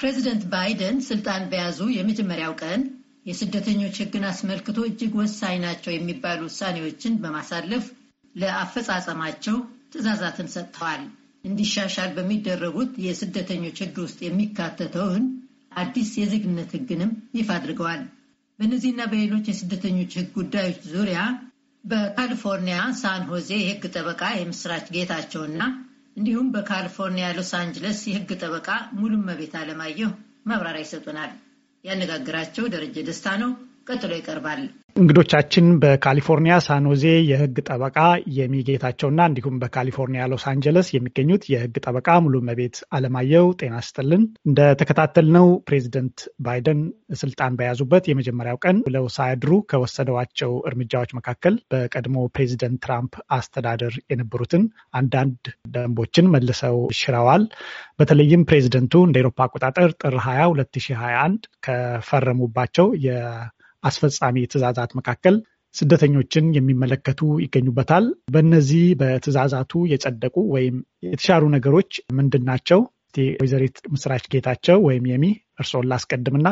ፕሬዚደንት ባይደን ስልጣን በያዙ የመጀመሪያው ቀን የስደተኞች ሕግን አስመልክቶ እጅግ ወሳኝ ናቸው የሚባሉ ውሳኔዎችን በማሳለፍ ለአፈጻጸማቸው ትዕዛዛትን ሰጥተዋል። እንዲሻሻል በሚደረጉት የስደተኞች ሕግ ውስጥ የሚካተተውን አዲስ የዜግነት ሕግንም ይፋ አድርገዋል። በእነዚህና በሌሎች የስደተኞች ሕግ ጉዳዮች ዙሪያ በካሊፎርኒያ ሳን ሆዜ የህግ ጠበቃ የምስራች ጌታቸውና እንዲሁም በካሊፎርኒያ ሎስ አንጅለስ የህግ ጠበቃ ሙሉመቤት አለማየሁ መብራሪያ ይሰጡናል። ያነጋግራቸው ደረጀ ደስታ ነው። ቀጥሎ ይቀርባል። እንግዶቻችን በካሊፎርኒያ ሳኖዜ የህግ ጠበቃ የሚጌታቸውና እንዲሁም በካሊፎርኒያ ሎስ አንጀለስ የሚገኙት የህግ ጠበቃ ሙሉ መቤት አለማየሁ ጤና ስጥልን። እንደተከታተልነው ፕሬዚደንት ባይደን ስልጣን በያዙበት የመጀመሪያው ቀን ብለው ሳያድሩ ከወሰደዋቸው እርምጃዎች መካከል በቀድሞ ፕሬዚደንት ትራምፕ አስተዳደር የነበሩትን አንዳንድ ደንቦችን መልሰው ሽረዋል። በተለይም ፕሬዚደንቱ እንደ ኤሮፓ አቆጣጠር ጥር 20 2021 ከፈረሙባቸው አስፈጻሚ ትዕዛዛት መካከል ስደተኞችን የሚመለከቱ ይገኙበታል። በእነዚህ በትዕዛዛቱ የጸደቁ ወይም የተሻሩ ነገሮች ምንድን ናቸው? ወይዘሪት ምስራች ጌታቸው ወይም የሚ እርስዎን ላስቀድምና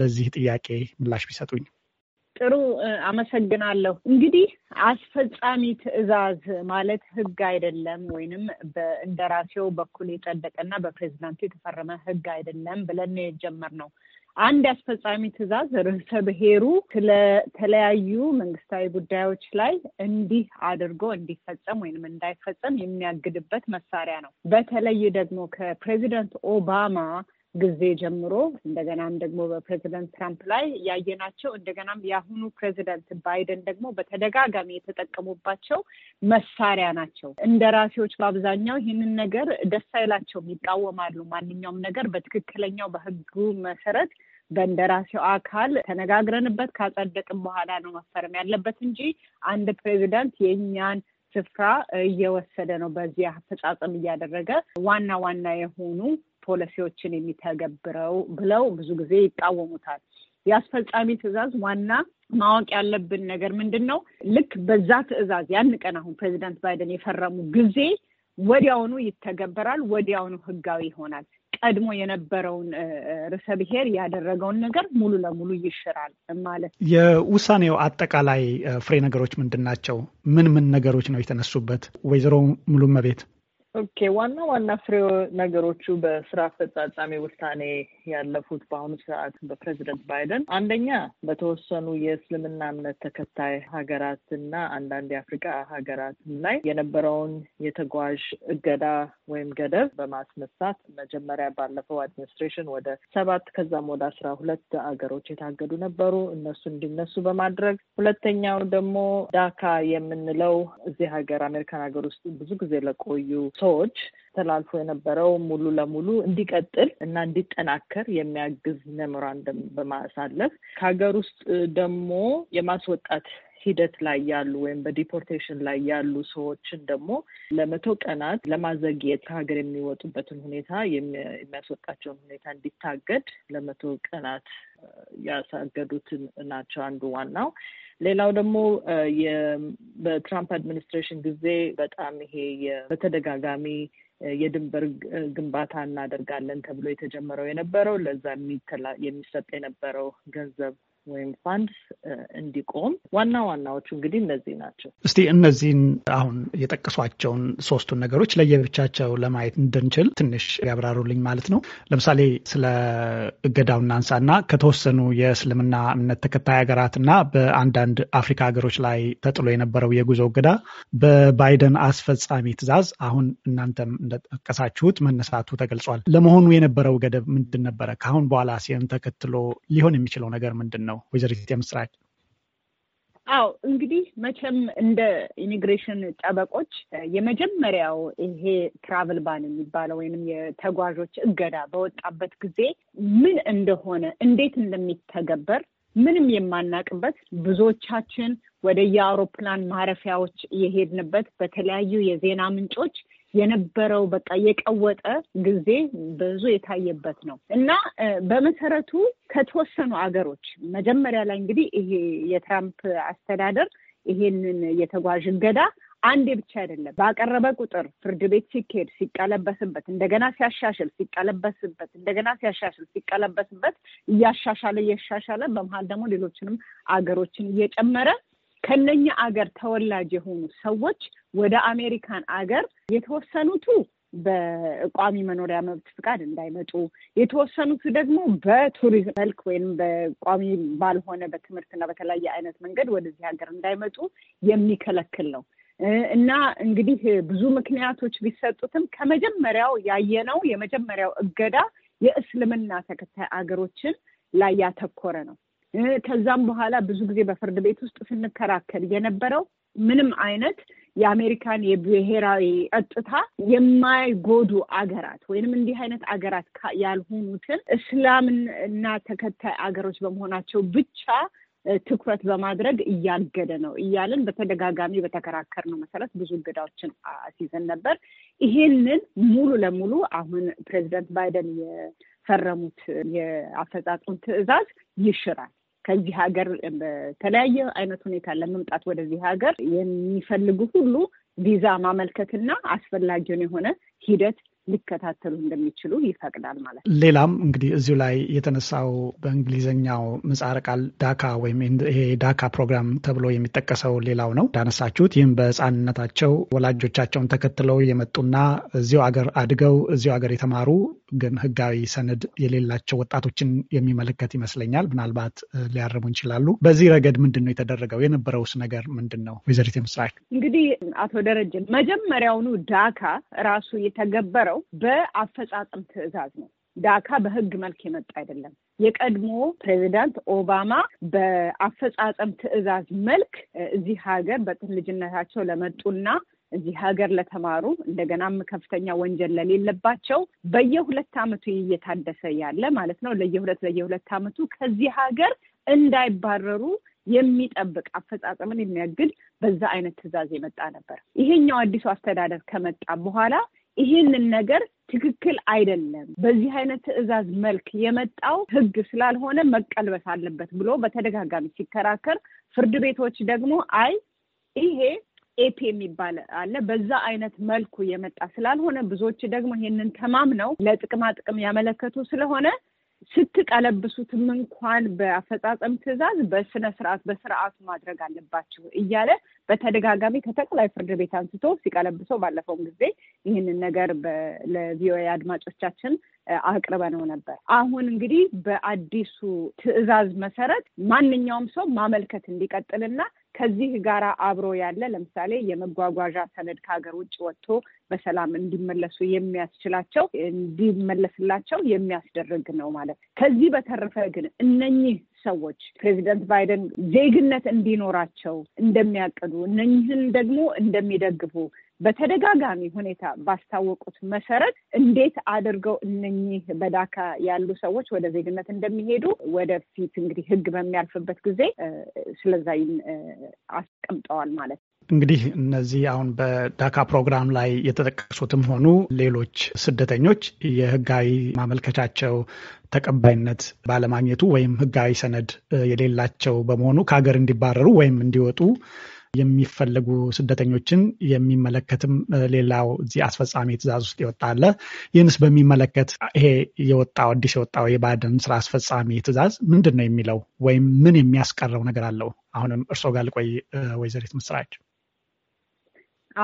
ለዚህ ጥያቄ ምላሽ ቢሰጡኝ። ጥሩ አመሰግናለሁ። እንግዲህ አስፈጻሚ ትዕዛዝ ማለት ሕግ አይደለም ወይንም እንደራሴው በኩል የጸደቀና በፕሬዚዳንቱ የተፈረመ ሕግ አይደለም ብለን የጀመርነው አንድ አስፈጻሚ ትዕዛዝ ርዕሰ ብሔሩ ስለተለያዩ መንግስታዊ ጉዳዮች ላይ እንዲህ አድርጎ እንዲፈጸም ወይም እንዳይፈጸም የሚያግድበት መሳሪያ ነው። በተለይ ደግሞ ከፕሬዚደንት ኦባማ ጊዜ ጀምሮ እንደገናም ደግሞ በፕሬዚደንት ትራምፕ ላይ ያየናቸው እንደገናም የአሁኑ ፕሬዚደንት ባይደን ደግሞ በተደጋጋሚ የተጠቀሙባቸው መሳሪያ ናቸው። እንደራሴዎች በአብዛኛው ይህንን ነገር ደስ አይላቸውም፣ ይቃወማሉ። ማንኛውም ነገር በትክክለኛው በህጉ መሰረት በእንደራሴው አካል ተነጋግረንበት ካጸደቅም በኋላ ነው መፈረም ያለበት እንጂ አንድ ፕሬዚደንት የእኛን ስፍራ እየወሰደ ነው በዚህ አፈጻጸም እያደረገ ዋና ዋና የሆኑ ፖሊሲዎችን የሚተገብረው ብለው ብዙ ጊዜ ይቃወሙታል። የአስፈጻሚ ትዕዛዝ ዋና ማወቅ ያለብን ነገር ምንድን ነው? ልክ በዛ ትዕዛዝ ያን ቀን አሁን ፕሬዚዳንት ባይደን የፈረሙ ጊዜ ወዲያውኑ ይተገበራል፣ ወዲያውኑ ህጋዊ ይሆናል። ቀድሞ የነበረውን ርዕሰ ብሔር ያደረገውን ነገር ሙሉ ለሙሉ ይሽራል ማለት ነው። የውሳኔው አጠቃላይ ፍሬ ነገሮች ምንድን ናቸው? ምን ምን ነገሮች ነው የተነሱበት? ወይዘሮ ሙሉመቤት ኦኬ ዋና ዋና ፍሬ ነገሮቹ በስራ አፈጻጻሚ ውሳኔ ያለፉት በአሁኑ ሰዓት በፕሬዚደንት ባይደን አንደኛ በተወሰኑ የእስልምና እምነት ተከታይ ሀገራትና አንዳንድ የአፍሪቃ ሀገራት ላይ የነበረውን የተጓዥ እገዳ ወይም ገደብ በማስነሳት መጀመሪያ ባለፈው አድሚኒስትሬሽን ወደ ሰባት ከዛም ወደ አስራ ሁለት ሀገሮች የታገዱ ነበሩ። እነሱ እንዲነሱ በማድረግ ሁለተኛው ደግሞ ዳካ የምንለው እዚህ ሀገር አሜሪካን ሀገር ውስጥ ብዙ ጊዜ ለቆዩ ሰዎች ተላልፎ የነበረው ሙሉ ለሙሉ እንዲቀጥል እና እንዲጠናከር የሚያግዝ መምህራን በማሳለፍ ከሀገር ውስጥ ደግሞ የማስወጣት ሂደት ላይ ያሉ ወይም በዲፖርቴሽን ላይ ያሉ ሰዎችን ደግሞ ለመቶ ቀናት ለማዘግየት ከሀገር የሚወጡበትን ሁኔታ የሚያስወጣቸውን ሁኔታ እንዲታገድ ለመቶ ቀናት ያሳገዱት ናቸው አንዱ ዋናው። ሌላው ደግሞ በትራምፕ አድሚኒስትሬሽን ጊዜ በጣም ይሄ በተደጋጋሚ የድንበር ግንባታ እናደርጋለን ተብሎ የተጀመረው የነበረው ለዛ የሚሰጥ የነበረው ገንዘብ ወይም ፋንድ እንዲቆም ዋና ዋናዎቹ እንግዲህ እነዚህ ናቸው። እስቲ እነዚህን አሁን የጠቀሷቸውን ሶስቱን ነገሮች ለየብቻቸው ለማየት እንድንችል ትንሽ ያብራሩልኝ ማለት ነው። ለምሳሌ ስለ እገዳው እናንሳና ከተወሰኑ የእስልምና እምነት ተከታይ ሀገራትና በአንዳንድ አፍሪካ ሀገሮች ላይ ተጥሎ የነበረው የጉዞ እገዳ በባይደን አስፈጻሚ ትዕዛዝ አሁን እናንተም እንደጠቀሳችሁት መነሳቱ ተገልጿል። ለመሆኑ የነበረው ገደብ ምንድን ነበረ? ከአሁን በኋላ ሲን ተከትሎ ሊሆን የሚችለው ነገር ምንድን ነው? ነው ወይዘሪት የምስራች? አው እንግዲህ መቼም እንደ ኢሚግሬሽን ጠበቆች የመጀመሪያው ይሄ ትራቭል ባን የሚባለው ወይንም የተጓዦች እገዳ በወጣበት ጊዜ ምን እንደሆነ እንዴት እንደሚተገበር ምንም የማናቅበት ብዙዎቻችን ወደ የአውሮፕላን ማረፊያዎች የሄድንበት በተለያዩ የዜና ምንጮች የነበረው በቃ የቀወጠ ጊዜ ብዙ የታየበት ነው እና በመሰረቱ ከተወሰኑ አገሮች መጀመሪያ ላይ እንግዲህ ይሄ የትራምፕ አስተዳደር ይሄንን የተጓዥ እገዳ አንዴ ብቻ አይደለም ባቀረበ ቁጥር ፍርድ ቤት ሲካሄድ ሲቀለበስበት፣ እንደገና ሲያሻሽል ሲቀለበስበት፣ እንደገና ሲያሻሽል ሲቀለበስበት እያሻሻለ እያሻሻለ በመሀል ደግሞ ሌሎችንም አገሮችን እየጨመረ ከነኛ አገር ተወላጅ የሆኑ ሰዎች ወደ አሜሪካን አገር የተወሰኑቱ በቋሚ መኖሪያ መብት ፍቃድ እንዳይመጡ የተወሰኑት ደግሞ በቱሪዝም መልክ ወይም በቋሚ ባልሆነ በትምህርትና በተለያየ አይነት መንገድ ወደዚህ ሀገር እንዳይመጡ የሚከለክል ነው እና እንግዲህ ብዙ ምክንያቶች ቢሰጡትም ከመጀመሪያው ያየነው የመጀመሪያው እገዳ የእስልምና ተከታይ አገሮችን ላይ ያተኮረ ነው። ከዛም በኋላ ብዙ ጊዜ በፍርድ ቤት ውስጥ ስንከራከር የነበረው ምንም አይነት የአሜሪካን የብሔራዊ ጸጥታ የማይጎዱ አገራት ወይንም እንዲህ አይነት አገራት ያልሆኑትን እስላምን እና ተከታይ አገሮች በመሆናቸው ብቻ ትኩረት በማድረግ እያገደ ነው እያልን በተደጋጋሚ ነው መሰረት ብዙ እገዳዎችን አስይዘን ነበር። ይሄንን ሙሉ ለሙሉ አሁን ፕሬዚደንት ባይደን የፈረሙት የአፈጻጸም ትዕዛዝ ይሽራል። ከዚህ ሀገር በተለያየ አይነት ሁኔታ ለመምጣት ወደዚህ ሀገር የሚፈልጉ ሁሉ ቪዛ ማመልከትና አስፈላጊውን የሆነ ሂደት ሊከታተሉ እንደሚችሉ ይፈቅዳል ማለት ነው። ሌላም እንግዲህ እዚሁ ላይ የተነሳው በእንግሊዝኛው ምህጻረ ቃል ዳካ ወይም ይሄ ዳካ ፕሮግራም ተብሎ የሚጠቀሰው ሌላው ነው እንዳነሳችሁት። ይህም በህፃንነታቸው ወላጆቻቸውን ተከትለው የመጡና እዚው አገር አድገው እዚው አገር የተማሩ ግን ህጋዊ ሰነድ የሌላቸው ወጣቶችን የሚመለከት ይመስለኛል። ምናልባት ሊያርሙ ይችላሉ። በዚህ ረገድ ምንድን ነው የተደረገው? የነበረውስ ነገር ምንድን ነው? ወይዘሪት ምስራች። እንግዲህ አቶ ደረጀን መጀመሪያውኑ ዳካ ራሱ የተገበረው የሚጀምረው በአፈጻጸም ትዕዛዝ ነው። ዳካ በህግ መልክ የመጣ አይደለም። የቀድሞ ፕሬዚዳንት ኦባማ በአፈጻጸም ትዕዛዝ መልክ እዚህ ሀገር በልጅነታቸው ለመጡና እዚህ ሀገር ለተማሩ እንደገናም ከፍተኛ ወንጀል ለሌለባቸው በየሁለት ዓመቱ እየታደሰ ያለ ማለት ነው። ለየሁለት ለየሁለት ዓመቱ ከዚህ ሀገር እንዳይባረሩ የሚጠብቅ አፈጻጸምን የሚያግድ በዛ አይነት ትዕዛዝ የመጣ ነበር። ይሄኛው አዲሱ አስተዳደር ከመጣ በኋላ ይህንን ነገር ትክክል አይደለም፣ በዚህ አይነት ትዕዛዝ መልክ የመጣው ህግ ስላልሆነ መቀልበስ አለበት ብሎ በተደጋጋሚ ሲከራከር፣ ፍርድ ቤቶች ደግሞ አይ ይሄ ኤፒ የሚባል አለ በዛ አይነት መልኩ የመጣ ስላልሆነ ብዙዎች ደግሞ ይሄንን ተማምነው ለጥቅማ ጥቅም ያመለከቱ ስለሆነ ስትቀለብሱትም እንኳን በአፈጻጸም ትዕዛዝ በስነ ስርዓት በስርዓቱ ማድረግ አለባችሁ እያለ በተደጋጋሚ ከጠቅላይ ፍርድ ቤት አንስቶ ሲቀለብሰው ባለፈውም ጊዜ ይህንን ነገር ለቪኦኤ አድማጮቻችን አቅርበነው ነበር። አሁን እንግዲህ በአዲሱ ትዕዛዝ መሰረት ማንኛውም ሰው ማመልከት እንዲቀጥልና ከዚህ ጋር አብሮ ያለ ለምሳሌ የመጓጓዣ ሰነድ ከሀገር ውጭ ወጥቶ በሰላም እንዲመለሱ የሚያስችላቸው እንዲመለስላቸው የሚያስደርግ ነው ማለት። ከዚህ በተረፈ ግን እነኚህ ሰዎች ፕሬዚደንት ባይደን ዜግነት እንዲኖራቸው እንደሚያቅዱ እነኝህን ደግሞ እንደሚደግፉ በተደጋጋሚ ሁኔታ ባስታወቁት መሰረት እንዴት አድርገው እነኚህ በዳካ ያሉ ሰዎች ወደ ዜግነት እንደሚሄዱ ወደፊት እንግዲህ ህግ በሚያልፍበት ጊዜ ስለዛ አስቀምጠዋል ማለት ነው። እንግዲህ እነዚህ አሁን በዳካ ፕሮግራም ላይ የተጠቀሱትም ሆኑ ሌሎች ስደተኞች የህጋዊ ማመልከቻቸው ተቀባይነት ባለማግኘቱ ወይም ህጋዊ ሰነድ የሌላቸው በመሆኑ ከሀገር እንዲባረሩ ወይም እንዲወጡ የሚፈለጉ ስደተኞችን የሚመለከትም ሌላው እዚህ አስፈጻሚ ትእዛዝ ውስጥ የወጣ አለ። ይህንስ በሚመለከት ይሄ የወጣው አዲስ የወጣው የባይደን ስራ አስፈጻሚ ትእዛዝ ምንድን ነው የሚለው ወይም ምን የሚያስቀረው ነገር አለው? አሁንም እርሶ ጋር ልቆይ ወይዘሪት ምስራች።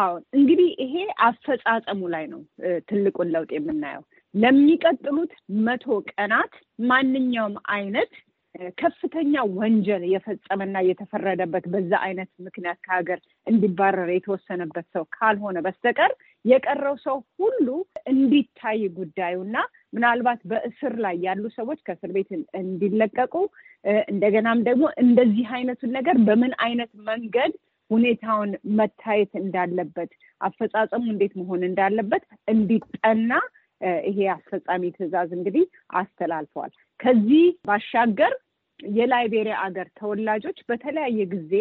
አዎ እንግዲህ ይሄ አፈጻጸሙ ላይ ነው ትልቁን ለውጥ የምናየው። ለሚቀጥሉት መቶ ቀናት ማንኛውም አይነት ከፍተኛ ወንጀል የፈጸመና የተፈረደበት በዛ አይነት ምክንያት ከሀገር እንዲባረር የተወሰነበት ሰው ካልሆነ በስተቀር የቀረው ሰው ሁሉ እንዲታይ ጉዳዩና ምናልባት በእስር ላይ ያሉ ሰዎች ከእስር ቤት እንዲለቀቁ እንደገናም ደግሞ እንደዚህ አይነቱን ነገር በምን አይነት መንገድ ሁኔታውን መታየት እንዳለበት አፈጻጸሙ እንዴት መሆን እንዳለበት እንዲጠና ይሄ አስፈጻሚ ትዕዛዝ እንግዲህ አስተላልፈዋል። ከዚህ ባሻገር የላይቤሪያ አገር ተወላጆች በተለያየ ጊዜ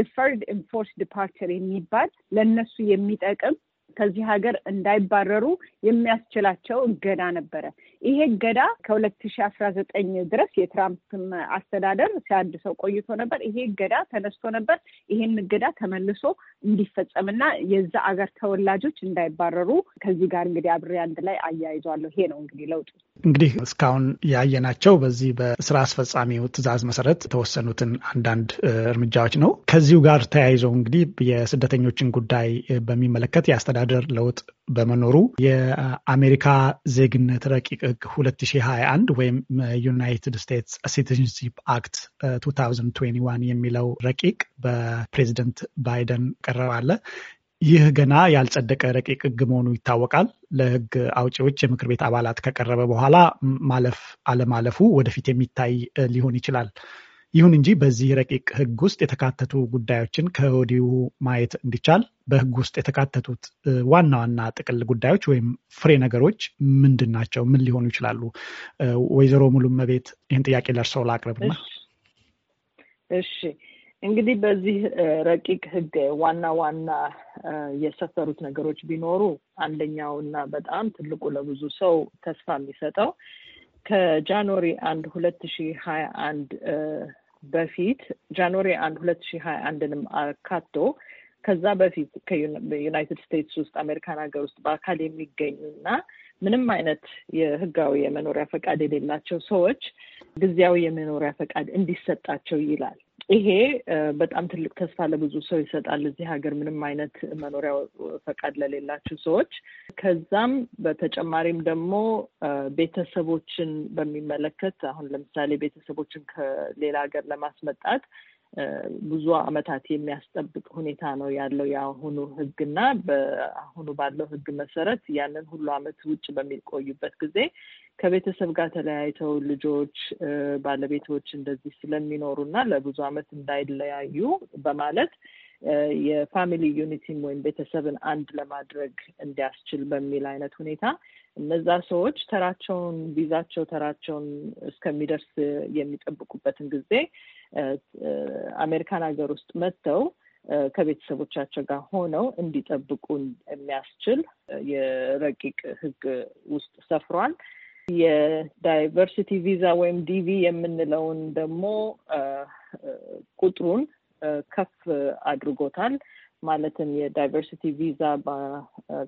ዲፈርድ ኢንፎርስ ዲፓርቸር የሚባል ለእነሱ የሚጠቅም ከዚህ ሀገር እንዳይባረሩ የሚያስችላቸው እገዳ ነበረ። ይሄ እገዳ ከሁለት ሺ አስራ ዘጠኝ ድረስ የትራምፕም አስተዳደር ሲያድሰው ቆይቶ ነበር። ይሄ እገዳ ተነስቶ ነበር። ይሄን እገዳ ተመልሶ እንዲፈጸምና የዛ አገር ተወላጆች እንዳይባረሩ ከዚህ ጋር እንግዲህ አብሬ አንድ ላይ አያይዟለሁ። ይሄ ነው እንግዲህ ለውጡ። እንግዲህ እስካሁን ያየናቸው በዚህ በስራ አስፈጻሚው ትዕዛዝ መሰረት የተወሰኑትን አንዳንድ እርምጃዎች ነው። ከዚሁ ጋር ተያይዘው እንግዲህ የስደተኞችን ጉዳይ በሚመለከት የአስተዳደ አስተዳደር ለውጥ በመኖሩ የአሜሪካ ዜግነት ረቂቅ ህግ 2021 ወይም ዩናይትድ ስቴትስ ሲቲዝንሺፕ አክት 2021 የሚለው ረቂቅ በፕሬዚደንት ባይደን ቀረባለ። ይህ ገና ያልጸደቀ ረቂቅ ህግ መሆኑ ይታወቃል። ለህግ አውጪዎች የምክር ቤት አባላት ከቀረበ በኋላ ማለፍ አለማለፉ ወደፊት የሚታይ ሊሆን ይችላል። ይሁን እንጂ በዚህ ረቂቅ ህግ ውስጥ የተካተቱ ጉዳዮችን ከወዲሁ ማየት እንዲቻል በህግ ውስጥ የተካተቱት ዋና ዋና ጥቅል ጉዳዮች ወይም ፍሬ ነገሮች ምንድን ናቸው? ምን ሊሆኑ ይችላሉ? ወይዘሮ ሙሉመቤት ይህን ጥያቄ ለእርሰው ላቅርብና። እሺ እንግዲህ በዚህ ረቂቅ ህግ ዋና ዋና የሰፈሩት ነገሮች ቢኖሩ አንደኛው እና በጣም ትልቁ ለብዙ ሰው ተስፋ የሚሰጠው ከጃንዋሪ አንድ ሁለት ሺህ ሀያ አንድ በፊት ጃንዋሪ አንድ ሁለት ሺህ ሀያ አንድንም አካቶ ከዛ በፊት ከዩናይትድ ስቴትስ ውስጥ አሜሪካን ሀገር ውስጥ በአካል የሚገኙ እና ምንም አይነት የህጋዊ የመኖሪያ ፈቃድ የሌላቸው ሰዎች ጊዜያዊ የመኖሪያ ፈቃድ እንዲሰጣቸው ይላል። ይሄ በጣም ትልቅ ተስፋ ለብዙ ሰው ይሰጣል። እዚህ ሀገር ምንም አይነት መኖሪያ ፈቃድ ለሌላቸው ሰዎች። ከዛም በተጨማሪም ደግሞ ቤተሰቦችን በሚመለከት አሁን ለምሳሌ ቤተሰቦችን ከሌላ ሀገር ለማስመጣት ብዙ አመታት የሚያስጠብቅ ሁኔታ ነው ያለው የአሁኑ ህግና በአሁኑ ባለው ህግ መሰረት ያንን ሁሉ አመት ውጭ በሚቆዩበት ጊዜ ከቤተሰብ ጋር ተለያይተው ልጆች፣ ባለቤቶች እንደዚህ ስለሚኖሩ እና ለብዙ አመት እንዳይለያዩ በማለት የፋሚሊ ዩኒቲም ወይም ቤተሰብን አንድ ለማድረግ እንዲያስችል በሚል አይነት ሁኔታ እነዛ ሰዎች ተራቸውን ቢዛቸው ተራቸውን እስከሚደርስ የሚጠብቁበትን ጊዜ አሜሪካን ሀገር ውስጥ መጥተው ከቤተሰቦቻቸው ጋር ሆነው እንዲጠብቁ የሚያስችል የረቂቅ ሕግ ውስጥ ሰፍሯል። የዳይቨርሲቲ ቪዛ ወይም ዲቪ የምንለውን ደግሞ ቁጥሩን ከፍ አድርጎታል። ማለትም የዳይቨርሲቲ ቪዛ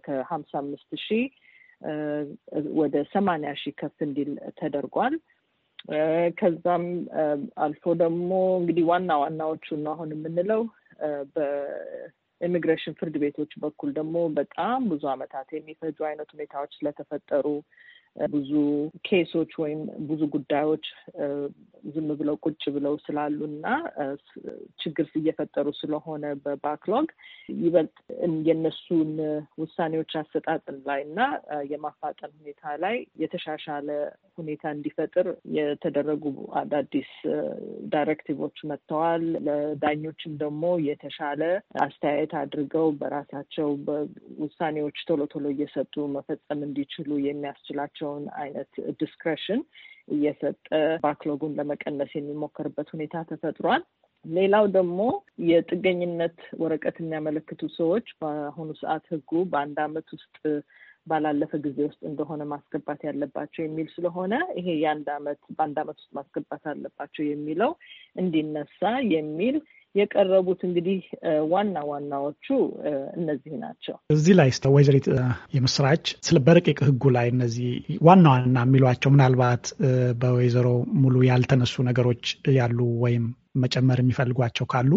ከሀምሳ አምስት ሺህ ወደ ሰማንያ ሺህ ከፍ እንዲል ተደርጓል። ከዛም አልፎ ደግሞ እንግዲህ ዋና ዋናዎቹን ነው አሁን የምንለው። በኢሚግሬሽን ፍርድ ቤቶች በኩል ደግሞ በጣም ብዙ ዓመታት የሚፈጁ አይነት ሁኔታዎች ስለተፈጠሩ ብዙ ኬሶች ወይም ብዙ ጉዳዮች ዝም ብለው ቁጭ ብለው ስላሉ እና ችግር እየፈጠሩ ስለሆነ በባክሎግ ይበልጥ የነሱን ውሳኔዎች አሰጣጥን ላይ እና የማፋጠን ሁኔታ ላይ የተሻሻለ ሁኔታ እንዲፈጥር የተደረጉ አዳዲስ ዳይሬክቲቮች መጥተዋል። ለዳኞችም ደግሞ የተሻለ አስተያየት አድርገው በራሳቸው ውሳኔዎች ቶሎ ቶሎ እየሰጡ መፈጸም እንዲችሉ የሚያስችላቸው ያላቸውን አይነት ዲስክሬሽን እየሰጠ ባክሎጉን ለመቀነስ የሚሞከርበት ሁኔታ ተፈጥሯል። ሌላው ደግሞ የጥገኝነት ወረቀት የሚያመለክቱ ሰዎች በአሁኑ ሰዓት ህጉ በአንድ አመት ውስጥ ባላለፈ ጊዜ ውስጥ እንደሆነ ማስገባት ያለባቸው የሚል ስለሆነ ይሄ የአንድ አመት በአንድ ዓመት ውስጥ ማስገባት አለባቸው የሚለው እንዲነሳ የሚል የቀረቡት እንግዲህ ዋና ዋናዎቹ እነዚህ ናቸው። እዚህ ላይ ወይዘሪት የምስራች ስለ በረቂቅ ህጉ ላይ እነዚህ ዋና ዋና የሚሏቸው ምናልባት በወይዘሮ ሙሉ ያልተነሱ ነገሮች ያሉ ወይም መጨመር የሚፈልጓቸው ካሉ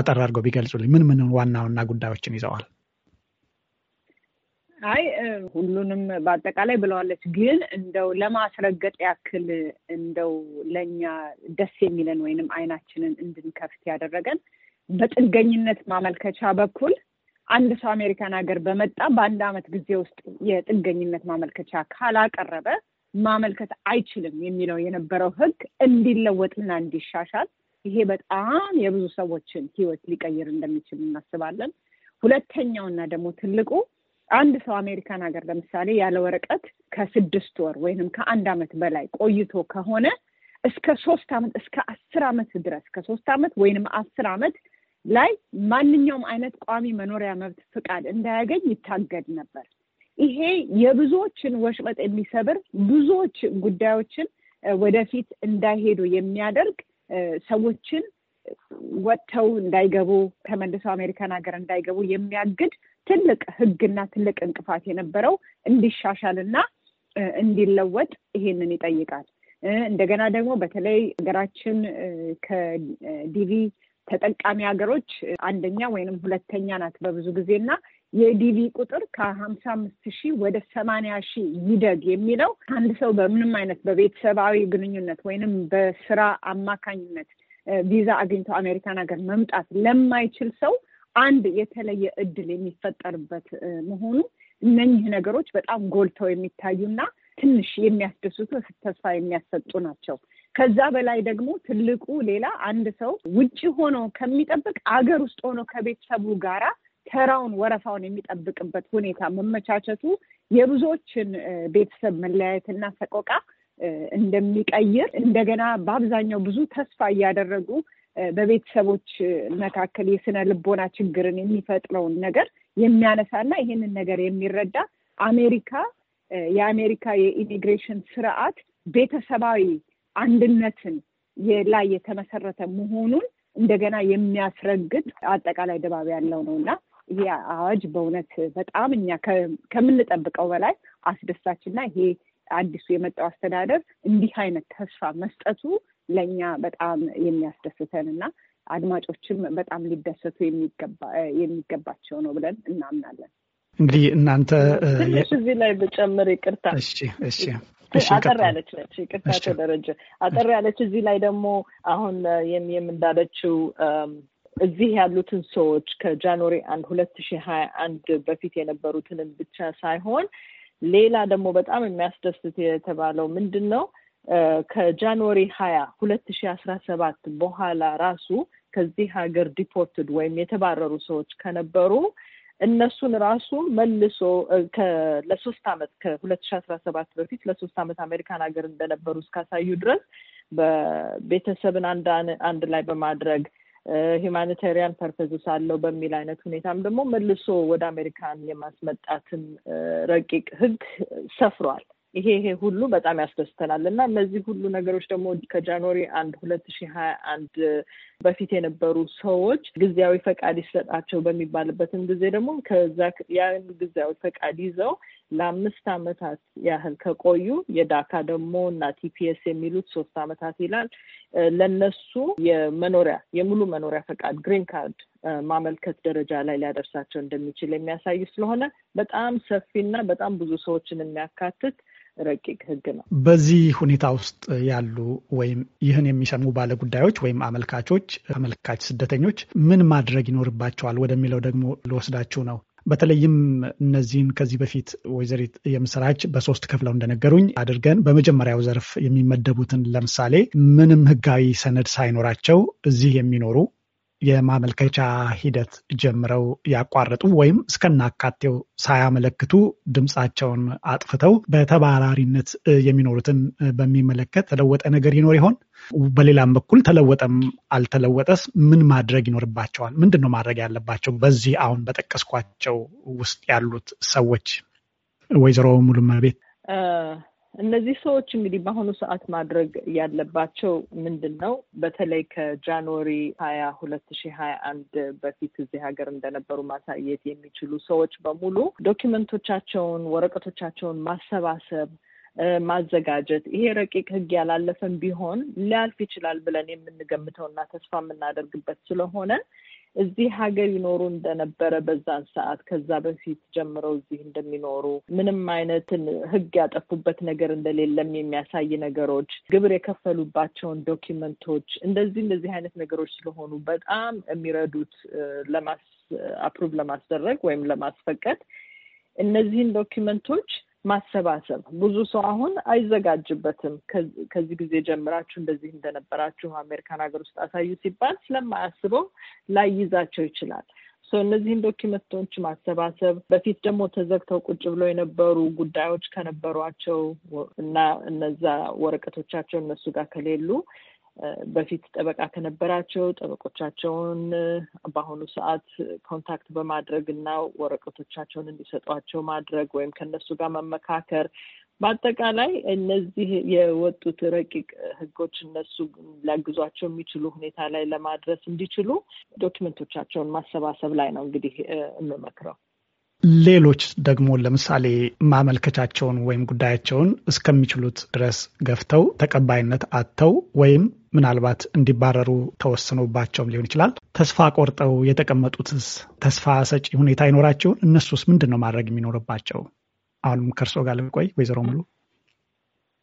አጠር አድርገው ቢገልጹልኝ ምን ምን ዋና ዋና ጉዳዮችን ይዘዋል? አይ ሁሉንም በአጠቃላይ ብለዋለች። ግን እንደው ለማስረገጥ ያክል እንደው ለእኛ ደስ የሚለን ወይንም አይናችንን እንድንከፍት ያደረገን በጥገኝነት ማመልከቻ በኩል አንድ ሰው አሜሪካን ሀገር በመጣ በአንድ አመት ጊዜ ውስጥ የጥገኝነት ማመልከቻ ካላቀረበ ማመልከት አይችልም የሚለው የነበረው ህግ እንዲለወጥና እንዲሻሻል ይሄ በጣም የብዙ ሰዎችን ህይወት ሊቀይር እንደሚችል እናስባለን። ሁለተኛውና ደግሞ ትልቁ አንድ ሰው አሜሪካን ሀገር ለምሳሌ ያለ ወረቀት ከስድስት ወር ወይንም ከአንድ አመት በላይ ቆይቶ ከሆነ እስከ ሶስት አመት እስከ አስር አመት ድረስ ከሶስት አመት ወይንም አስር አመት ላይ ማንኛውም አይነት ቋሚ መኖሪያ መብት ፍቃድ እንዳያገኝ ይታገድ ነበር። ይሄ የብዙዎችን ወሽመጥ የሚሰብር ብዙዎች ጉዳዮችን ወደፊት እንዳይሄዱ የሚያደርግ ሰዎችን ወጥተው እንዳይገቡ ተመልሰው አሜሪካን ሀገር እንዳይገቡ የሚያግድ ትልቅ ህግና ትልቅ እንቅፋት የነበረው እንዲሻሻልና እንዲለወጥ ይሄንን ይጠይቃል። እንደገና ደግሞ በተለይ ሀገራችን ከዲቪ ተጠቃሚ ሀገሮች አንደኛ ወይንም ሁለተኛ ናት በብዙ ጊዜ እና የዲቪ ቁጥር ከሀምሳ አምስት ሺህ ወደ ሰማንያ ሺህ ይደግ የሚለው አንድ ሰው በምንም አይነት በቤተሰባዊ ግንኙነት ወይንም በስራ አማካኝነት ቪዛ አግኝቶ አሜሪካን ሀገር መምጣት ለማይችል ሰው አንድ የተለየ እድል የሚፈጠርበት መሆኑ እነኚህ ነገሮች በጣም ጎልተው የሚታዩና ትንሽ የሚያስደስቱ ተስፋ የሚያሰጡ ናቸው። ከዛ በላይ ደግሞ ትልቁ ሌላ አንድ ሰው ውጭ ሆኖ ከሚጠብቅ አገር ውስጥ ሆኖ ከቤተሰቡ ጋራ ተራውን ወረፋውን የሚጠብቅበት ሁኔታ መመቻቸቱ የብዙዎችን ቤተሰብ መለያየትና ሰቆቃ እንደሚቀይር እንደገና በአብዛኛው ብዙ ተስፋ እያደረጉ በቤተሰቦች መካከል የስነ ልቦና ችግርን የሚፈጥረውን ነገር የሚያነሳና ይህንን ነገር የሚረዳ አሜሪካ የአሜሪካ የኢሚግሬሽን ስርዓት ቤተሰባዊ አንድነትን ላይ የተመሰረተ መሆኑን እንደገና የሚያስረግጥ አጠቃላይ ድባብ ያለው ነው እና ይሄ አዋጅ በእውነት በጣም እኛ ከምንጠብቀው በላይ አስደሳችና ይሄ አዲሱ የመጣው አስተዳደር እንዲህ አይነት ተስፋ መስጠቱ ለእኛ በጣም የሚያስደስተን እና አድማጮችም በጣም ሊደሰቱ የሚገባቸው ነው ብለን እናምናለን። እንግዲህ እናንተ ትንሽ እዚህ ላይ ብጨምር ይቅርታ፣ አጠር ያለች ነች። ይቅርታ ተደረጀ፣ አጠር ያለች እዚህ ላይ ደግሞ አሁን የሚም እንዳለችው እዚህ ያሉትን ሰዎች ከጃንዋሪ አንድ ሁለት ሺህ ሀያ አንድ በፊት የነበሩትንም ብቻ ሳይሆን ሌላ ደግሞ በጣም የሚያስደስት የተባለው ምንድን ነው ከጃንዋሪ ሀያ ሁለት ሺ አስራ ሰባት በኋላ ራሱ ከዚህ ሀገር ዲፖርትድ ወይም የተባረሩ ሰዎች ከነበሩ እነሱን ራሱ መልሶ ለሶስት አመት ከሁለት ሺ አስራ ሰባት በፊት ለሶስት አመት አሜሪካን ሀገር እንደነበሩ እስካሳዩ ድረስ በቤተሰብን አንድ አንድ ላይ በማድረግ ሂማኒታሪያን ፐርፐዝስ አለው በሚል አይነት ሁኔታም ደግሞ መልሶ ወደ አሜሪካን የማስመጣትን ረቂቅ ህግ ሰፍሯል። ይሄ ይሄ ሁሉ በጣም ያስደስተናል እና እነዚህ ሁሉ ነገሮች ደግሞ ከጃንዋሪ አንድ ሁለት ሺ ሀያ አንድ በፊት የነበሩ ሰዎች ጊዜያዊ ፈቃድ ይሰጣቸው በሚባልበትም ጊዜ ደግሞ ከዛ ያን ጊዜያዊ ፈቃድ ይዘው ለአምስት አመታት ያህል ከቆዩ የዳካ ደግሞ እና ቲፒኤስ የሚሉት ሶስት አመታት ይላል ለነሱ የመኖሪያ የሙሉ መኖሪያ ፈቃድ ግሪን ካርድ ማመልከት ደረጃ ላይ ሊያደርሳቸው እንደሚችል የሚያሳይ ስለሆነ በጣም ሰፊና በጣም ብዙ ሰዎችን የሚያካትት ረቂቅ ህግ ነው። በዚህ ሁኔታ ውስጥ ያሉ ወይም ይህን የሚሰሙ ባለጉዳዮች ወይም አመልካቾች አመልካች ስደተኞች ምን ማድረግ ይኖርባቸዋል ወደሚለው ደግሞ ልወስዳችሁ ነው። በተለይም እነዚህን ከዚህ በፊት ወይዘሪት የምስራች በሶስት ከፍለው እንደነገሩኝ አድርገን በመጀመሪያው ዘርፍ የሚመደቡትን ለምሳሌ ምንም ህጋዊ ሰነድ ሳይኖራቸው እዚህ የሚኖሩ የማመልከቻ ሂደት ጀምረው ያቋረጡ ወይም እስከናካቴው ሳያመለክቱ ድምፃቸውን አጥፍተው በተባራሪነት የሚኖሩትን በሚመለከት ተለወጠ ነገር ይኖር ይሆን? በሌላም በኩል ተለወጠም አልተለወጠስ ምን ማድረግ ይኖርባቸዋል? ምንድን ነው ማድረግ ያለባቸው? በዚህ አሁን በጠቀስኳቸው ውስጥ ያሉት ሰዎች ወይዘሮ ሙሉመቤት እነዚህ ሰዎች እንግዲህ በአሁኑ ሰዓት ማድረግ ያለባቸው ምንድን ነው? በተለይ ከጃንዋሪ ሀያ ሁለት ሺ ሀያ አንድ በፊት እዚህ ሀገር እንደነበሩ ማሳየት የሚችሉ ሰዎች በሙሉ ዶኪመንቶቻቸውን፣ ወረቀቶቻቸውን ማሰባሰብ ማዘጋጀት ይሄ ረቂቅ ሕግ ያላለፈን ቢሆን ሊያልፍ ይችላል ብለን የምንገምተውና ተስፋ የምናደርግበት ስለሆነ እዚህ ሀገር ይኖሩ እንደነበረ በዛን ሰዓት ከዛ በፊት ጀምረው እዚህ እንደሚኖሩ ምንም አይነትን ህግ ያጠፉበት ነገር እንደሌለም የሚያሳይ ነገሮች፣ ግብር የከፈሉባቸውን ዶኪመንቶች እንደዚህ እንደዚህ አይነት ነገሮች ስለሆኑ በጣም የሚረዱት ለማስ አፕሩቭ ለማስደረግ ወይም ለማስፈቀድ እነዚህን ዶኪመንቶች ማሰባሰብ ብዙ ሰው አሁን አይዘጋጅበትም። ከዚህ ጊዜ ጀምራችሁ እንደዚህ እንደነበራችሁ አሜሪካን ሀገር ውስጥ አሳዩ ሲባል ስለማያስበው ላይይዛቸው ይችላል። እነዚህን ዶኪመንቶች ማሰባሰብ በፊት ደግሞ ተዘግተው ቁጭ ብለው የነበሩ ጉዳዮች ከነበሯቸው እና እነዛ ወረቀቶቻቸው እነሱ ጋር ከሌሉ በፊት ጠበቃ ከነበራቸው ጠበቆቻቸውን በአሁኑ ሰዓት ኮንታክት በማድረግ እና ወረቀቶቻቸውን እንዲሰጧቸው ማድረግ ወይም ከነሱ ጋር መመካከር በአጠቃላይ እነዚህ የወጡት ረቂቅ ሕጎች እነሱ ሊያግዟቸው የሚችሉ ሁኔታ ላይ ለማድረስ እንዲችሉ ዶክመንቶቻቸውን ማሰባሰብ ላይ ነው እንግዲህ የምመክረው። ሌሎች ደግሞ ለምሳሌ ማመልከቻቸውን ወይም ጉዳያቸውን እስከሚችሉት ድረስ ገፍተው ተቀባይነት አጥተው ወይም ምናልባት እንዲባረሩ ተወስኖባቸውም ሊሆን ይችላል። ተስፋ ቆርጠው የተቀመጡትስ ተስፋ ሰጪ ሁኔታ ይኖራቸውን? እነሱስ ምንድን ነው ማድረግ የሚኖርባቸው? አሁንም ከእርሶ ጋር ልቆይ፣ ወይዘሮ ሙሉ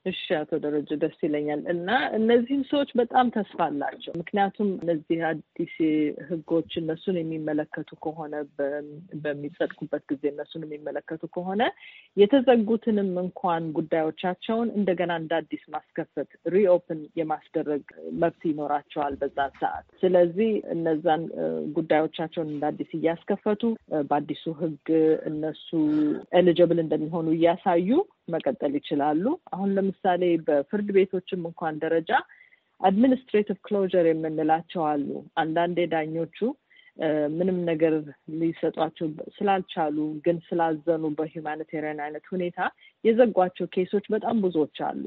እሺ አቶ ደረጀ ደስ ይለኛል። እና እነዚህም ሰዎች በጣም ተስፋ አላቸው። ምክንያቱም እነዚህ አዲስ ህጎች እነሱን የሚመለከቱ ከሆነ በሚጸድቁበት ጊዜ እነሱን የሚመለከቱ ከሆነ የተዘጉትንም እንኳን ጉዳዮቻቸውን እንደገና እንደ አዲስ ማስከፈት ሪኦፕን የማስደረግ መብት ይኖራቸዋል በዛን ሰዓት። ስለዚህ እነዛን ጉዳዮቻቸውን እንደ አዲስ እያስከፈቱ በአዲሱ ህግ እነሱ ኤሊጀብል እንደሚሆኑ እያሳዩ መቀጠል ይችላሉ። አሁን ለምሳሌ በፍርድ ቤቶችም እንኳን ደረጃ አድሚኒስትሬቲቭ ክሎዥር የምንላቸው አሉ። አንዳንዴ ዳኞቹ ምንም ነገር ሊሰጧቸው ስላልቻሉ ግን ስላዘኑ በሂውማኒቴሪያን አይነት ሁኔታ የዘጓቸው ኬሶች በጣም ብዙዎች አሉ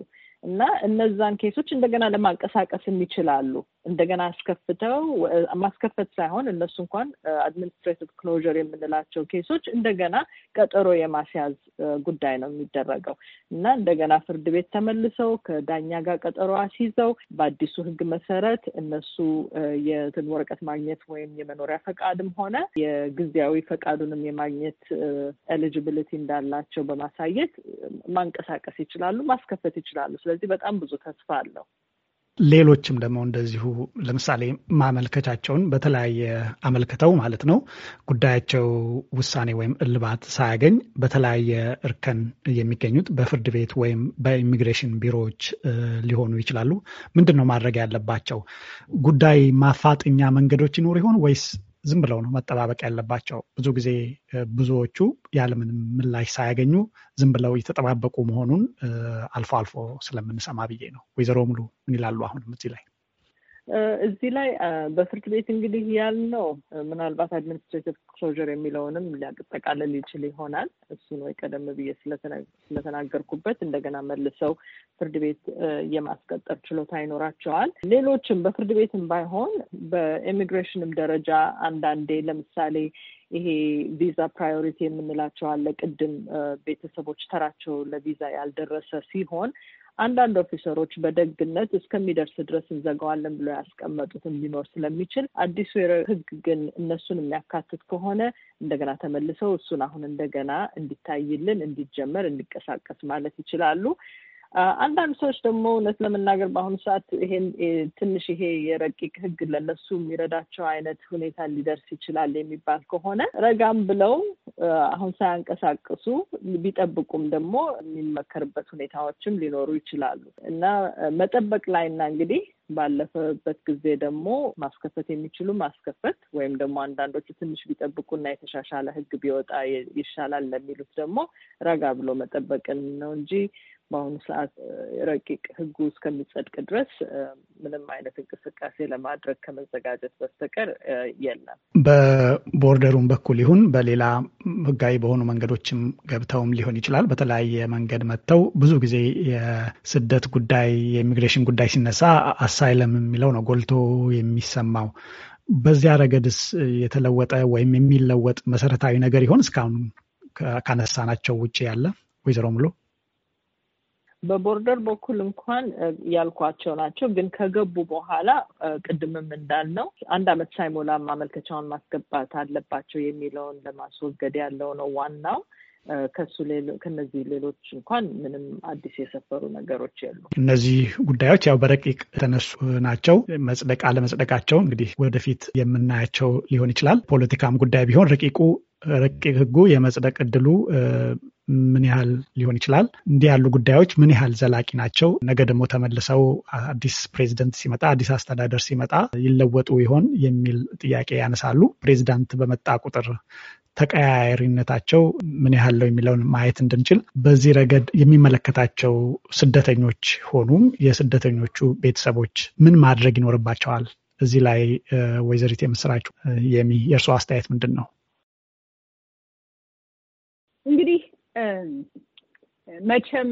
እና እነዛን ኬሶች እንደገና ለማንቀሳቀስም ይችላሉ። እንደገና አስከፍተው ማስከፈት ሳይሆን እነሱ እንኳን አድሚኒስትሬቲቭ ክሎዥር የምንላቸው ኬሶች እንደገና ቀጠሮ የማስያዝ ጉዳይ ነው የሚደረገው እና እንደገና ፍርድ ቤት ተመልሰው ከዳኛ ጋር ቀጠሮ አስይዘው በአዲሱ ሕግ መሰረት እነሱ የትን ወረቀት ማግኘት ወይም የመኖሪያ ፈቃድም ሆነ የጊዜያዊ ፈቃዱንም የማግኘት ኤሊጂቢሊቲ እንዳላቸው በማሳየት ማንቀሳቀስ ይችላሉ፣ ማስከፈት ይችላሉ። ስለዚህ በጣም ብዙ ተስፋ አለው። ሌሎችም ደግሞ እንደዚሁ ለምሳሌ ማመልከቻቸውን በተለያየ አመልክተው ማለት ነው ጉዳያቸው ውሳኔ ወይም እልባት ሳያገኝ በተለያየ እርከን የሚገኙት በፍርድ ቤት ወይም በኢሚግሬሽን ቢሮዎች ሊሆኑ ይችላሉ። ምንድን ነው ማድረግ ያለባቸው? ጉዳይ ማፋጠኛ መንገዶች ይኖር ይሆን ወይስ ዝም ብለው ነው መጠባበቅ ያለባቸው። ብዙ ጊዜ ብዙዎቹ ያለምንም ምላሽ ሳያገኙ ዝም ብለው የተጠባበቁ መሆኑን አልፎ አልፎ ስለምንሰማ ብዬ ነው። ወይዘሮ ሙሉ ምን ይላሉ? አሁንም እዚህ ላይ እዚህ ላይ በፍርድ ቤት እንግዲህ ያልነው ምናልባት አድሚኒስትሬቲቭ ክሎዥር የሚለውንም ሊያጠቃልል ይችል ይሆናል። እሱን ወይ ቀደም ብዬ ስለተናገርኩበት እንደገና መልሰው ፍርድ ቤት የማስቀጠር ችሎታ ይኖራቸዋል። ሌሎችም በፍርድ ቤትም ባይሆን በኢሚግሬሽንም ደረጃ አንዳንዴ ለምሳሌ ይሄ ቪዛ ፕራዮሪቲ የምንላቸው አለ። ቅድም ቤተሰቦች ተራቸው ለቪዛ ያልደረሰ ሲሆን አንዳንድ ኦፊሰሮች በደግነት እስከሚደርስ ድረስ እንዘጋዋለን ብሎ ያስቀመጡትም ሊኖር ስለሚችል አዲሱ ህግ ግን እነሱን የሚያካትት ከሆነ እንደገና ተመልሰው እሱን አሁን እንደገና እንዲታይልን፣ እንዲጀመር፣ እንዲቀሳቀስ ማለት ይችላሉ። አንዳንድ ሰዎች ደግሞ እውነት ለመናገር በአሁኑ ሰዓት ይሄን ትንሽ ይሄ የረቂቅ ህግ ለነሱ የሚረዳቸው አይነት ሁኔታ ሊደርስ ይችላል የሚባል ከሆነ ረጋም ብለው አሁን ሳያንቀሳቅሱ ቢጠብቁም ደግሞ የሚመከርበት ሁኔታዎችም ሊኖሩ ይችላሉ እና መጠበቅ ላይ እንግዲህ ባለፈበት ጊዜ ደግሞ ማስከፈት የሚችሉ ማስከፈት ወይም ደግሞ አንዳንዶቹ ትንሽ ቢጠብቁና የተሻሻለ ህግ ቢወጣ ይሻላል ለሚሉት ደግሞ ረጋ ብሎ መጠበቅን ነው እንጂ በአሁኑ ሰዓት ረቂቅ ህጉ እስከሚጸድቅ ድረስ ምንም አይነት እንቅስቃሴ ለማድረግ ከመዘጋጀት በስተቀር የለም። በቦርደሩም በኩል ይሁን በሌላ ህጋዊ በሆኑ መንገዶችም ገብተውም ሊሆን ይችላል። በተለያየ መንገድ መጥተው ብዙ ጊዜ የስደት ጉዳይ የኢሚግሬሽን ጉዳይ ሲነሳ አሳይለም የሚለው ነው ጎልቶ የሚሰማው። በዚያ ረገድስ የተለወጠ ወይም የሚለወጥ መሰረታዊ ነገር ይሆን እስካሁን ካነሳናቸው ውጭ ያለ ወይዘሮ ሙሉ በቦርደር በኩል እንኳን ያልኳቸው ናቸው። ግን ከገቡ በኋላ ቅድምም እንዳልነው አንድ አመት ሳይሞላ ማመልከቻውን ማስገባት አለባቸው የሚለውን ለማስወገድ ያለው ነው ዋናው። ከሱ ከነዚህ ሌሎች እንኳን ምንም አዲስ የሰፈሩ ነገሮች የሉ። እነዚህ ጉዳዮች ያው በረቂቅ የተነሱ ናቸው። መጽደቅ አለመጽደቃቸው እንግዲህ ወደፊት የምናያቸው ሊሆን ይችላል። ፖለቲካም ጉዳይ ቢሆን ረቂቁ ረቂቅ ህጉ የመጽደቅ እድሉ ምን ያህል ሊሆን ይችላል? እንዲህ ያሉ ጉዳዮች ምን ያህል ዘላቂ ናቸው? ነገ ደግሞ ተመልሰው አዲስ ፕሬዚደንት ሲመጣ፣ አዲስ አስተዳደር ሲመጣ ይለወጡ ይሆን የሚል ጥያቄ ያነሳሉ። ፕሬዚዳንት በመጣ ቁጥር ተቀያያሪነታቸው ምን ያህል ነው የሚለውን ማየት እንድንችል በዚህ ረገድ የሚመለከታቸው ስደተኞች ሆኑም የስደተኞቹ ቤተሰቦች ምን ማድረግ ይኖርባቸዋል? እዚህ ላይ ወይዘሪት የምስራች የሚ የእርስዎ አስተያየት ምንድን ነው? እንግዲህ መቼም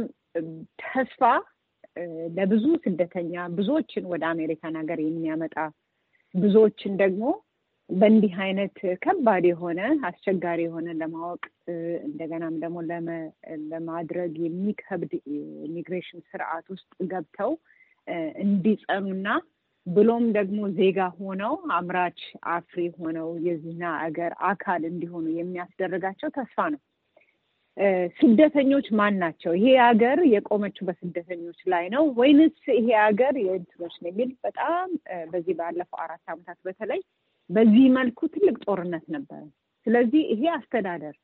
ተስፋ ለብዙ ስደተኛ ብዙዎችን ወደ አሜሪካን ሀገር የሚያመጣ ብዙዎችን ደግሞ በእንዲህ አይነት ከባድ የሆነ አስቸጋሪ የሆነ ለማወቅ እንደገናም ደግሞ ለማድረግ የሚከብድ ኢሚግሬሽን ስርዓት ውስጥ ገብተው እንዲጸኑና ብሎም ደግሞ ዜጋ ሆነው አምራች አፍሪ ሆነው የዚህና አገር አካል እንዲሆኑ የሚያስደርጋቸው ተስፋ ነው። ስደተኞች ማን ናቸው? ይሄ ሀገር የቆመችው በስደተኞች ላይ ነው ወይንስ ይሄ ሀገር የእንትኖች ነው የሚል በጣም በዚህ ባለፈው አራት ዓመታት በተለይ በዚህ መልኩ ትልቅ ጦርነት ነበረ። ስለዚህ ይሄ አስተዳደር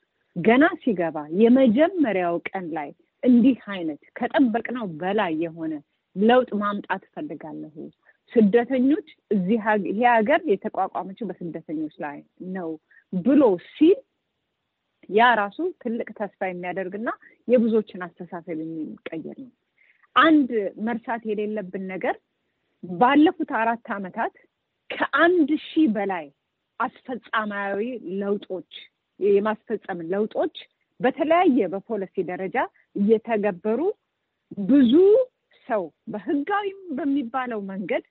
ገና ሲገባ የመጀመሪያው ቀን ላይ እንዲህ አይነት ከጠበቅነው በላይ የሆነ ለውጥ ማምጣት እፈልጋለሁ። ስደተኞች እዚህ ይሄ ሀገር የተቋቋመችው በስደተኞች ላይ ነው ብሎ ሲል ያ ራሱ ትልቅ ተስፋ የሚያደርግና የብዙዎችን አስተሳሰብ የሚቀየር ነው። አንድ መርሳት የሌለብን ነገር ባለፉት አራት ዓመታት ከአንድ ሺህ በላይ አስፈጻማዊ ለውጦች የማስፈጸም ለውጦች በተለያየ በፖሊሲ ደረጃ እየተገበሩ ብዙ ሰው በህጋዊም በሚባለው መንገድ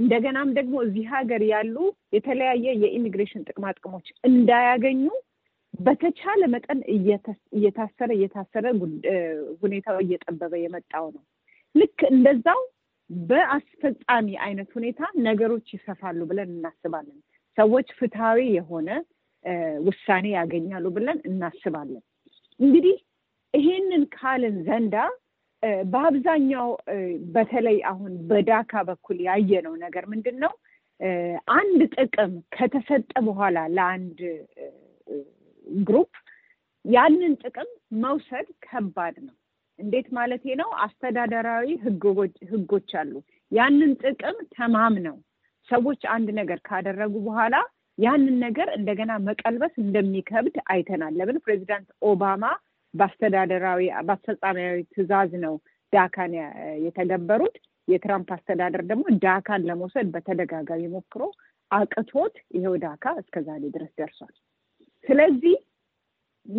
እንደገናም ደግሞ እዚህ ሀገር ያሉ የተለያየ የኢሚግሬሽን ጥቅማ ጥቅሞች እንዳያገኙ በተቻለ መጠን እየታሰረ እየታሰረ ሁኔታው እየጠበበ የመጣው ነው። ልክ እንደዛው በአስፈጻሚ አይነት ሁኔታ ነገሮች ይሰፋሉ ብለን እናስባለን። ሰዎች ፍትሐዊ የሆነ ውሳኔ ያገኛሉ ብለን እናስባለን። እንግዲህ ይሄንን ካልን ዘንዳ በአብዛኛው በተለይ አሁን በዳካ በኩል ያየነው ነገር ምንድን ነው? አንድ ጥቅም ከተሰጠ በኋላ ለአንድ ግሩፕ ያንን ጥቅም መውሰድ ከባድ ነው። እንዴት ማለት ነው? አስተዳደራዊ ህጎች አሉ። ያንን ጥቅም ተማምነው ሰዎች አንድ ነገር ካደረጉ በኋላ ያንን ነገር እንደገና መቀልበስ እንደሚከብድ አይተናል። ለምን ፕሬዚዳንት ኦባማ በአስተዳደራዊ በአስፈጻሚያዊ ትዕዛዝ ነው ዳካን የተገበሩት። የትራምፕ አስተዳደር ደግሞ ዳካን ለመውሰድ በተደጋጋሚ ሞክሮ አቅቶት ይኸው ዳካ እስከ ድረስ ደርሷል። ስለዚህ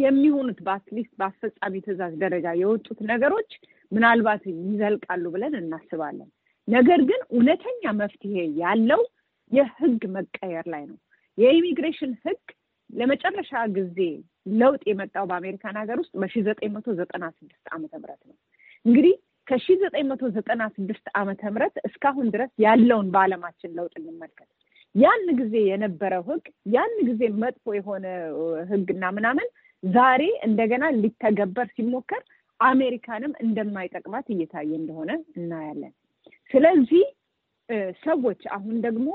የሚሆኑት በአትሊስት በአስፈጻሚ ትእዛዝ ደረጃ የወጡት ነገሮች ምናልባት ይዘልቃሉ ብለን እናስባለን። ነገር ግን እውነተኛ መፍትሄ ያለው የህግ መቀየር ላይ ነው። የኢሚግሬሽን ህግ ለመጨረሻ ጊዜ ለውጥ የመጣው በአሜሪካን ሀገር ውስጥ በሺ ዘጠኝ መቶ ዘጠና ስድስት ዓመተ ምህረት ነው። እንግዲህ ከሺ ዘጠኝ መቶ ዘጠና ስድስት ዓመተ ምህረት እስካሁን ድረስ ያለውን በዓለማችን ለውጥ እንመልከት። ያን ጊዜ የነበረው ህግ ያን ጊዜ መጥፎ የሆነ ህግና ምናምን ዛሬ እንደገና ሊተገበር ሲሞከር አሜሪካንም እንደማይጠቅማት እየታየ እንደሆነ እናያለን። ስለዚህ ሰዎች አሁን ደግሞ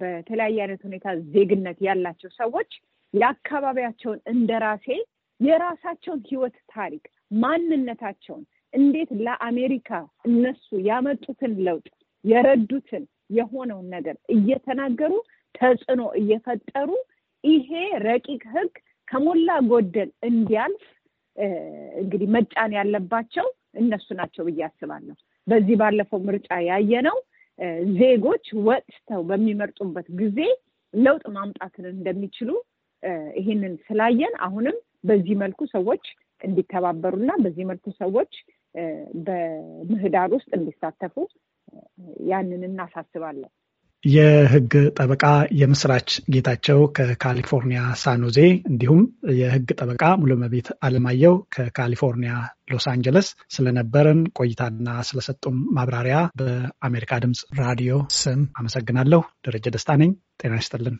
በተለያየ አይነት ሁኔታ ዜግነት ያላቸው ሰዎች የአካባቢያቸውን እንደራሴ የራሳቸውን ህይወት ታሪክ፣ ማንነታቸውን እንዴት ለአሜሪካ እነሱ ያመጡትን ለውጥ የረዱትን የሆነውን ነገር እየተናገሩ ተጽዕኖ እየፈጠሩ ይሄ ረቂቅ ህግ ከሞላ ጎደል እንዲያልፍ እንግዲህ መጫን ያለባቸው እነሱ ናቸው ብዬ አስባለሁ። በዚህ ባለፈው ምርጫ ያየነው ዜጎች ወጥተው በሚመርጡበት ጊዜ ለውጥ ማምጣትን እንደሚችሉ ይህንን ስላየን አሁንም በዚህ መልኩ ሰዎች እንዲተባበሩና በዚህ መልኩ ሰዎች በምህዳር ውስጥ እንዲሳተፉ ያንን እናሳስባለን። የህግ ጠበቃ የምስራች ጌታቸው ከካሊፎርኒያ ሳኖዜ እንዲሁም የህግ ጠበቃ ሙሉመቤት አለማየሁ ከካሊፎርኒያ ሎስ አንጀለስ ስለነበረን ቆይታና ስለሰጡም ማብራሪያ በአሜሪካ ድምፅ ራዲዮ ስም አመሰግናለሁ። ደረጀ ደስታ ነኝ። ጤና ይስጥልን።